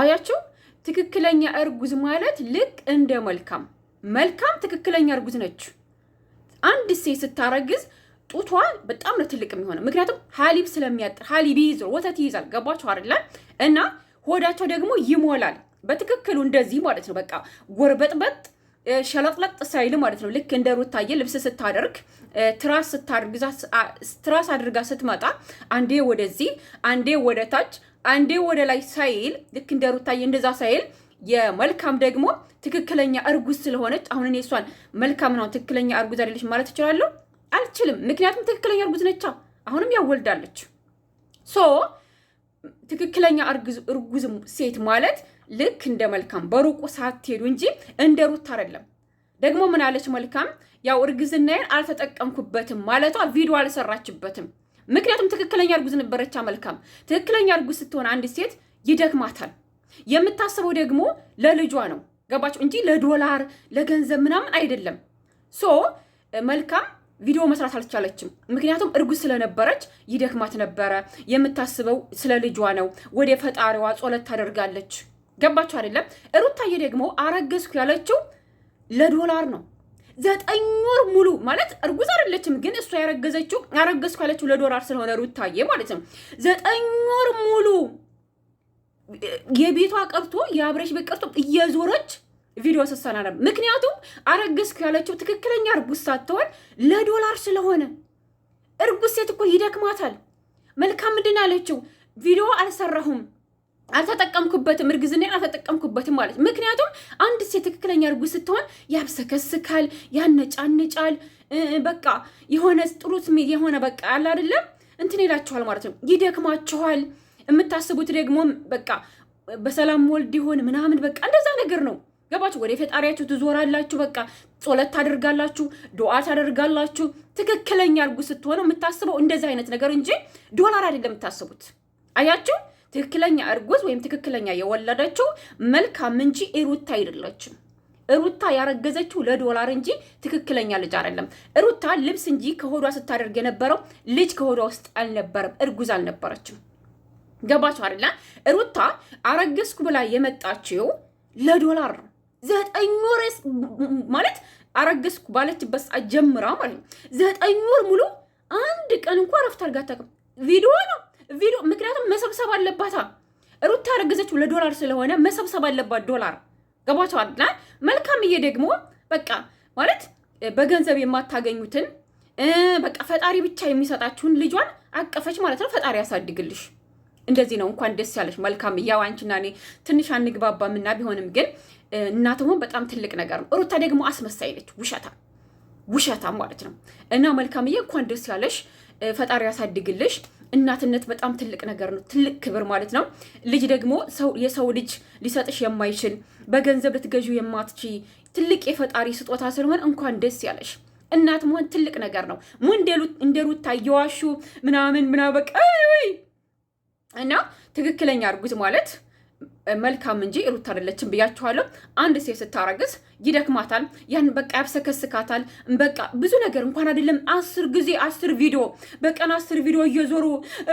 አያችሁ፣ ትክክለኛ እርጉዝ ማለት ልክ እንደ መልካም መልካም ትክክለኛ እርጉዝ ነች። አንድ ሴት ስታረግዝ ጡቷ በጣም ነው ትልቅ የሚሆነው፣ ምክንያቱም ሀሊብ ስለሚያጥር ሀሊብ ይዞ ወተት ይይዛል። ገባችሁ አይደለ? እና ሆዳቸው ደግሞ ይሞላል በትክክሉ እንደዚህ ማለት ነው። በቃ ጎርበጥበጥ ሸለጥለጥ ሳይል ማለት ነው። ልክ እንደ ሩታዬ ልብስ ስታደርግ ትራስ ስታደርግ ትራስ አድርጋ ስትመጣ አንዴ ወደዚህ አንዴ ወደ ታች አንዴ ወደ ላይ ሳይል ልክ እንደ ሩታዬ እንደዛ ሳይል የመልካም ደግሞ ትክክለኛ እርጉዝ ስለሆነች አሁን እኔ እሷን መልካም ነው ትክክለኛ እርጉዝ አይደለች ማለት እችላለሁ አልችልም። ምክንያቱም ትክክለኛ እርጉዝ ነቻ። አሁንም ያወልዳለች። ሶ ትክክለኛ እርጉዝ ሴት ማለት ልክ እንደ መልካም በሩቁ ሳትሄዱ እንጂ እንደ ሩት አይደለም። ደግሞ ምን አለች መልካም? ያው እርግዝናዬን አልተጠቀምኩበትም ማለቷ ቪዲዮ አልሰራችበትም። ምክንያቱም ትክክለኛ እርጉዝ ነበረች። መልካም ትክክለኛ እርጉዝ ስትሆን አንድ ሴት ይደክማታል። የምታስበው ደግሞ ለልጇ ነው። ገባችሁ? እንጂ ለዶላር ለገንዘብ ምናምን አይደለም። ሶ መልካም ቪዲዮ መስራት አልቻለችም። ምክንያቱም እርጉዝ ስለነበረች ይደክማት ነበረ። የምታስበው ስለ ልጇ ነው። ወደ ፈጣሪዋ ጸሎት ታደርጋለች። ገባችሁ አይደለም? ሩታዬ ደግሞ አረገዝኩ ያለችው ለዶላር ነው። ዘጠኝ ወር ሙሉ ማለት እርጉዝ አይደለችም፣ ግን እሷ ያረገዘችው ያረገዝኩ ያለችው ለዶላር ስለሆነ ሩታዬ ማለት ነው። ዘጠኝ ወር ሙሉ የቤቷ ቀርቶ የአብረሽ ቤት ቀርቶ እየዞረች ቪዲዮ ስሰና ነበር። ምክንያቱም አረገዝኩ ያለችው ትክክለኛ እርጉዝ ሳትሆን ለዶላር ስለሆነ፣ እርጉዝ ሴት እኮ ይደክማታል። መልካም ምንድን አለችው ቪዲዮ አልሰራሁም አልተጠቀምኩበትም እርግዝና አልተጠቀምኩበትም ማለት ምክንያቱም አንድ ሴት ትክክለኛ እርጉዝ ስትሆን ያብሰከስካል፣ ያነጫንጫል፣ በቃ የሆነ ጥሩ ስሜት የሆነ በቃ ያለ አይደለም እንትን ይላችኋል ማለት ነው። ይደክማችኋል። የምታስቡት ደግሞ በቃ በሰላም ወልድ ይሆን ምናምን በቃ እንደዛ ነገር ነው። ገባችሁ? ወደ ፈጣሪያችሁ ትዞራላችሁ። በቃ ጾለት ታደርጋላችሁ፣ ዱዓ ታደርጋላችሁ። ትክክለኛ እርጉዝ ስትሆኑ የምታስበው እንደዚህ አይነት ነገር እንጂ ዶላር አይደለም የምታስቡት። አያችሁ ትክክለኛ እርጉዝ ወይም ትክክለኛ የወለደችው መልካም እንጂ ሩታ አይደለችም። እሩታ ያረገዘችው ለዶላር እንጂ ትክክለኛ ልጅ አይደለም። እሩታ ልብስ እንጂ ከሆዷ ስታደርግ የነበረው ልጅ ከሆዷ ውስጥ አልነበረም። እርጉዝ አልነበረችም። ገባችሁ አይደለ? እሩታ አረገዝኩ ብላ የመጣችው ለዶላር ነው። ዘጠኝ ወር ማለት አረገዝኩ ባለችበት ሰዓት ጀምራ ማለት ዘጠኝ ወር ሙሉ አንድ ቀን እንኳ ረፍት አድርጋ አታውቅም። ቪዲዮ ነው ቪዲዮ ምክንያቱም መሰብሰብ አለባታ ሩታ ያረገዘችው ለዶላር ስለሆነ መሰብሰብ አለባት ዶላር ገባቸዋል መልካምዬ ደግሞ በቃ ማለት በገንዘብ የማታገኙትን በቃ ፈጣሪ ብቻ የሚሰጣችሁን ልጇን አቀፈች ማለት ነው። ፈጣሪ ያሳድግልሽ። እንደዚህ ነው። እንኳን ደስ ያለሽ መልካም። ያው አንቺና እኔ ትንሽ አንግባባ ምና ቢሆንም ግን እናት በጣም ትልቅ ነገር ነው። ሩታ ደግሞ አስመሳይ ነች፣ ውሸታ ውሸታ ማለት ነው። እና መልካምዬ እንኳን ደስ ያለሽ፣ ፈጣሪ ያሳድግልሽ። እናትነት በጣም ትልቅ ነገር ነው፣ ትልቅ ክብር ማለት ነው። ልጅ ደግሞ የሰው ልጅ ሊሰጥሽ የማይችል በገንዘብ ልትገዢ የማትች ትልቅ የፈጣሪ ስጦታ ስለሆነ እንኳን ደስ ያለሽ። እናት መሆን ትልቅ ነገር ነው። ሙ እንደ ሩታ እየዋሹ ምናምን ምናበቅ እና ትክክለኛ እርጉዝ ማለት መልካም እንጂ ሩት አይደለችም ብያችኋለሁ። አንድ ሴት ስታረግዝ ይደክማታል፣ ያን በቃ ያብሰከስካታል። በቃ ብዙ ነገር እንኳን አይደለም አስር ጊዜ አስር ቪዲዮ በቀን አስር ቪዲዮ እየዞሩ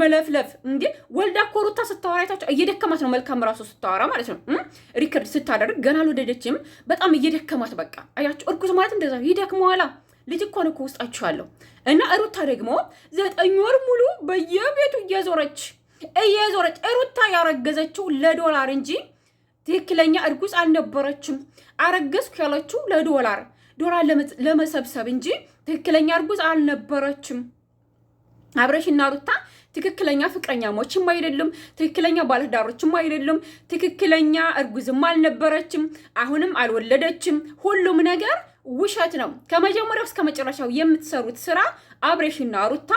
መለፍለፍ። እንዲ ወልዳ እኮ ሩታ ስታወራ አይታችሁ እየደከማት ነው። መልካም ራሱ ስታወራ ማለት ነው። ሪከርድ ስታደርግ ገና አልወለደችም፣ በጣም እየደከማት በቃ አያችሁ። እርኩስ ማለት እንደዛ ይደክመዋላ። ልጅ እኮ ነው እኮ ውስጣችኋለሁ። እና ሩታ ደግሞ ዘጠኝ ወር ሙሉ በየቤቱ እየዞረች እየዞረች ሩታ ያረገዘችው ለዶላር እንጂ ትክክለኛ እርጉዝ አልነበረችም። አረገዝኩ ያለችው ለዶላር ዶላር ለመሰብሰብ እንጂ ትክክለኛ እርጉዝ አልነበረችም። አብረሽና ሩታ ትክክለኛ ፍቅረኛሞችም አይደለም፣ ትክክለኛ ባለትዳሮችም አይደለም፣ ትክክለኛ እርጉዝም አልነበረችም፣ አሁንም አልወለደችም። ሁሉም ነገር ውሸት ነው። ከመጀመሪያው እስከ መጨረሻው የምትሰሩት ስራ አብረሽና ሩታ፣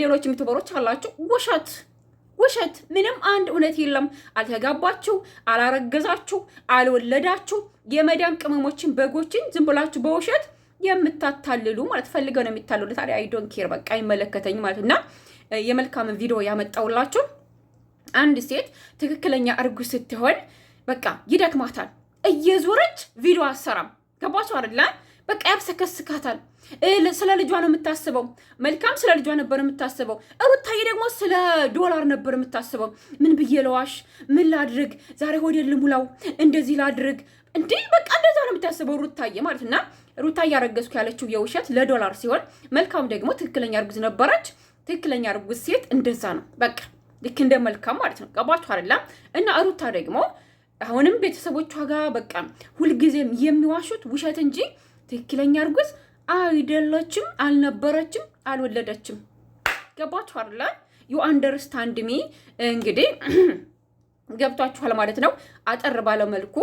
ሌሎች የምትበሮች አላችሁ ውሸት ውሸት ምንም አንድ እውነት የለም። አልተጋባችሁ፣ አላረገዛችሁ፣ አልወለዳችሁ የመዳም ቅመሞችን በጎችን ዝም ብላችሁ በውሸት የምታታልሉ ማለት ፈልገው ነው የሚታልሉ። ታዲያ አይ ዶንት ኬር በቃ አይመለከተኝ ማለት እና የመልካምን ቪዲዮ ያመጣውላችሁ አንድ ሴት ትክክለኛ እርጉዝ ስትሆን በቃ ይደክማታል፣ እየዞረች ቪዲዮ አሰራም ገባችሁ አይደለ? በቃ ያብሰከስካታል። ስለ ልጇ ነው የምታስበው። መልካም ስለ ልጇ ነበር የምታስበው። ሩታዬ ደግሞ ስለ ዶላር ነበር የምታስበው። ምን ብዬ ለዋሽ? ምን ላድርግ? ዛሬ ሆዴ ልሙላው፣ እንደዚህ ላድርግ እንዴ በቃ እንደዛ ነው የምታስበው ሩታዬ ማለት እና ሩታ እያረገዝኩ ያለችው የውሸት ለዶላር ሲሆን መልካም ደግሞ ትክክለኛ እርጉዝ ነበረች። ትክክለኛ እርጉዝ ሴት እንደዛ ነው በቃ ልክ እንደ መልካም ማለት ነው። ገባችሁ አይደለም? እና ሩታ ደግሞ አሁንም ቤተሰቦቿ ጋር በቃ ሁልጊዜም የሚዋሹት ውሸት እንጂ ትክክለኛ እርጉዝ አይደለችም፣ አልነበረችም፣ አልወለደችም። ገባችኋል? ዩ አንደርስታንድ ሚ እንግዲህ ገብቷችኋል ማለት ነው። አጠር ባለ መልኩ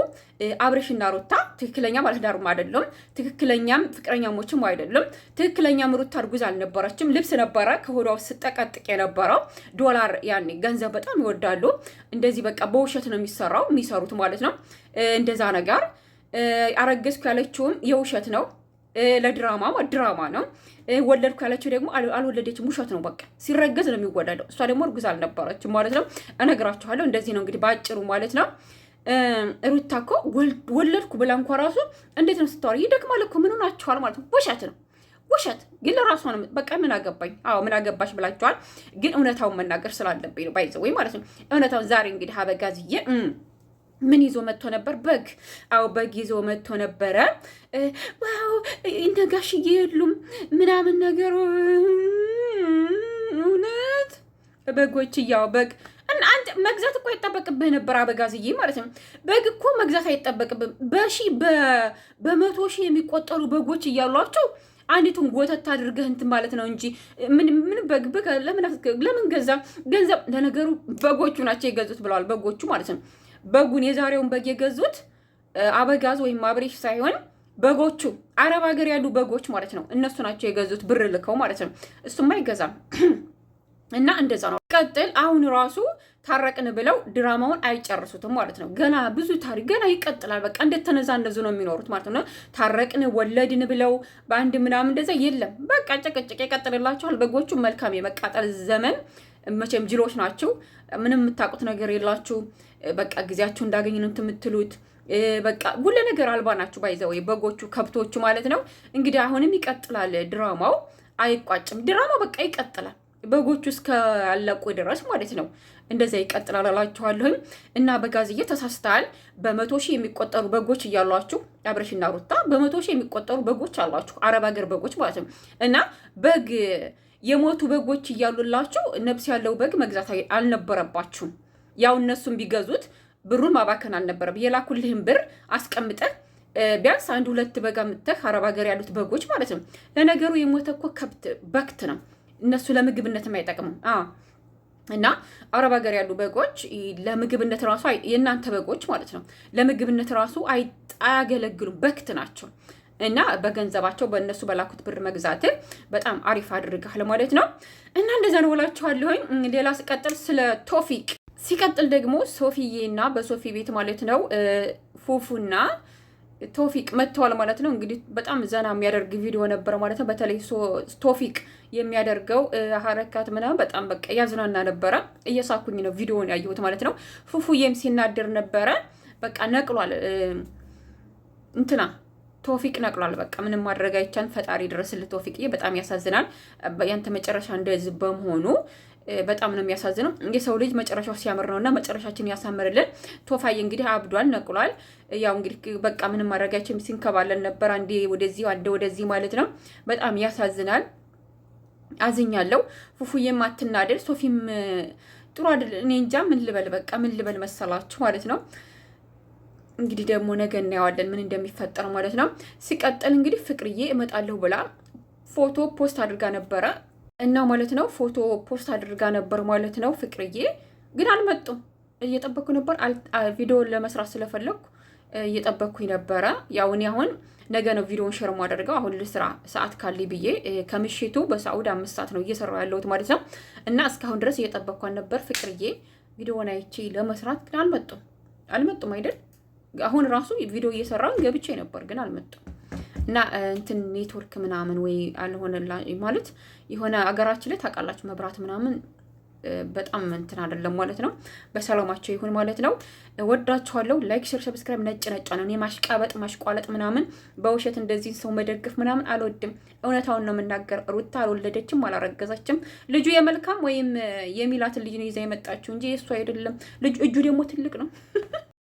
አብሬሽና ሩታ ትክክለኛ ባለትዳርም አይደለም፣ ትክክለኛም ፍቅረኛሞችም አይደለም። ትክክለኛም ሩታ እርጉዝ አልነበረችም። ልብስ ነበረ ከሆዷ ስጠቀጥቅ የነበረው ዶላር፣ ያኔ ገንዘብ በጣም ይወዳሉ። እንደዚህ በቃ በውሸት ነው የሚሰራው የሚሰሩት ማለት ነው እንደዛ ነገር አረገዝኩ ያለችውም የውሸት ነው ለድራማ ድራማ ነው። ወለድኩ ያለችው ደግሞ አልወለደችም፣ ውሸት ነው። በቃ ሲረገዝ ነው የሚወለደው። እሷ ደግሞ እርጉዝ አልነበረችም ማለት ነው። እነግራችኋለሁ። እንደዚህ ነው እንግዲህ በአጭሩ ማለት ነው። ሩታ እኮ ወለድኩ ብላ እንኳ ራሱ እንዴት ነው ስታወራ ይደክማል እኮ ምን ሆናችኋል ማለት ነው። ውሸት ነው ውሸት ግን ለራሷ ነው። በቃ ምን አገባኝ፣ አዎ ምን አገባሽ ብላችኋል። ግን እውነታውን መናገር ስላለብኝ ነው ባይዘ ወይ ማለት ነው። እውነታውን ዛሬ እንግዲህ አበጋዝዬ ምን ይዞ መጥቶ ነበር? በግ። አዎ በግ ይዞ መጥቶ ነበረ። ዋው እነ ጋሽዬ የሉም ምናምን ነገር እውነት በጎች እያው በግ አንድ መግዛት እኮ አይጠበቅብህ ነበር አበጋዝዬ ማለት ነው። በግ እኮ መግዛት አይጠበቅብህም። በሺ በመቶ ሺህ የሚቆጠሩ በጎች እያሏቸው አንዲቱን ጎተት አድርገህ እንትን ማለት ነው እንጂ ምን በግ በግ ለምን ገዛ? ገንዘብ ለነገሩ በጎቹ ናቸው የገዙት ብለዋል። በጎቹ ማለት ነው በጉን የዛሬውን በግ የገዙት አበጋዝ ወይም አብሬሽ ሳይሆን በጎቹ አረብ ሀገር ያሉ በጎች ማለት ነው። እነሱ ናቸው የገዙት ብር ልከው ማለት ነው። እሱም አይገዛም እና እንደዛ ነው። ቀጥል አሁን ራሱ ታረቅን ብለው ድራማውን አይጨርሱትም ማለት ነው። ገና ብዙ ታሪክ ገና ይቀጥላል። በቃ እንደዙ ነው የሚኖሩት ማለት ነው። ታረቅን ወለድን ብለው በአንድ ምናምን እንደዛ የለም። በቃ ጭቅጭቅ ይቀጥልላቸዋል። በጎቹ መልካም የመቃጠል ዘመን መቼም ጅሎች ናችሁ። ምንም የምታውቁት ነገር የላችሁ። በቃ ጊዜያችሁ እንዳገኝ ነው የምትሉት። በቃ ሁሉ ነገር አልባ ናችሁ። ባይዘው በጎቹ ከብቶቹ ማለት ነው። እንግዲህ አሁንም ይቀጥላል ድራማው፣ አይቋጭም። ድራማው በቃ ይቀጥላል በጎቹ እስካለቁ ድረስ ማለት ነው። እንደዚያ ይቀጥላል እላችኋለሁኝ። እና በጋዝዬ ተሳስተሃል። በመቶ ሺህ የሚቆጠሩ በጎች እያሏችሁ አብረሽና ሩታ በመቶ ሺህ የሚቆጠሩ በጎች አሏችሁ፣ አረብ ሀገር በጎች ማለት ነው እና በግ የሞቱ በጎች እያሉላችሁ ነብስ ያለው በግ መግዛት አልነበረባችሁም። ያው እነሱም ቢገዙት ብሩን ማባከን አልነበረም። የላኩልህን ብር አስቀምጠህ ቢያንስ አንድ ሁለት በግ አምጥተህ አረብ ሀገር ያሉት በጎች ማለት ነው። ለነገሩ የሞተ እኮ ከብት በክት ነው፣ እነሱ ለምግብነትም አይጠቅምም። እና አረብ ሀገር ያሉ በጎች ለምግብነት ራሱ የእናንተ በጎች ማለት ነው፣ ለምግብነት ራሱ አያገለግሉም፣ በክት ናቸው። እና በገንዘባቸው በእነሱ በላኩት ብር መግዛት በጣም አሪፍ አድርጋል ማለት ነው። እና እንደዛ ነው እላችኋለሁኝ። ሌላ ሲቀጥል ስለ ቶፊቅ ሲቀጥል ደግሞ ሶፊዬ እና በሶፊ ቤት ማለት ነው ፉፉና ቶፊቅ መጥተዋል ማለት ነው። እንግዲህ በጣም ዘና የሚያደርግ ቪዲዮ ነበረ ማለት ነው። በተለይ ቶፊቅ የሚያደርገው ሀረካት ምናምን በጣም በቃ ያዝናና ነበረ። እየሳኩኝ ነው ቪዲዮውን ያየሁት ማለት ነው። ፉፉዬም ሲናደር ነበረ። በቃ ነቅሏል እንትና ቶፊቅ ነቅሏል። በቃ ምንም ማድረግ አይቻል። ፈጣሪ ድረስልህ ቶፊቅዬ። በጣም ያሳዝናል ያንተ መጨረሻ እንደዚህ በመሆኑ በጣም ነው የሚያሳዝነው። የሰው ልጅ መጨረሻው ሲያምር ነው እና መጨረሻችን ያሳምርልን። ቶፋዬ እንግዲህ አብዷል፣ ነቅሏል። ያው እንግዲህ በቃ ምንም ማድረግ አይቻልም። ሲንከባለን ነበር አንዴ ወደዚህ አንዴ ወደዚህ ማለት ነው። በጣም ያሳዝናል። አዝኛለሁ። ፉፉዬም አትናደድ፣ ሶፊም ጥሩ አይደል። እኔ እንጃ ምን ልበል፣ በቃ ምን ልበል መሰላችሁ ማለት ነው እንግዲህ ደግሞ ነገ እናየዋለን ምን እንደሚፈጠር ማለት ነው። ሲቀጥል እንግዲህ ፍቅርዬ እመጣለሁ ብላ ፎቶ ፖስት አድርጋ ነበረ እና ማለት ነው ፎቶ ፖስት አድርጋ ነበር ማለት ነው። ፍቅርዬ ግን አልመጡም። እየጠበኩ ነበር ቪዲዮን ለመስራት ስለፈለግኩ እየጠበኩኝ ነበረ። ያው እኔ አሁን ነገ ነው ቪዲዮን ሸር ማደርገው አሁን ልስራ ሰዓት ካለ ብዬ ከምሽቱ በሳዑድ አምስት ሰዓት ነው እየሰራሁ ያለሁት ማለት ነው። እና እስካሁን ድረስ እየጠበኳን ነበር። ፍቅርዬ ቪዲዮን አይቼ ለመስራት ግን አልመጡም አልመጡም አይደል አሁን ራሱ ቪዲዮ እየሰራ ገብቼ ነበር ግን አልመጣም እና እንትን ኔትወርክ ምናምን ወይ አልሆነላ ማለት የሆነ አገራችን ላይ ታውቃላችሁ መብራት ምናምን በጣም እንትን አይደለም ማለት ነው። በሰላማቸው ይሁን ማለት ነው። ወዳችኋለሁ። ላይክ፣ ሼር፣ ሰብስክራይብ። ነጭ ነጫ ነው። እኔ ማሽቃበጥ ማሽቋለጥ ምናምን በውሸት እንደዚህ ሰው መደግፍ ምናምን አልወድም። እውነታውን ነው የምናገር። ሩታ አልወለደችም፣ አላረገዛችም። ልጁ የመልካም ወይም የሚላትን ልጅ ነው ይዛ የመጣችው እንጂ የእሱ አይደለም። ልጁ እጁ ደግሞ ትልቅ ነው።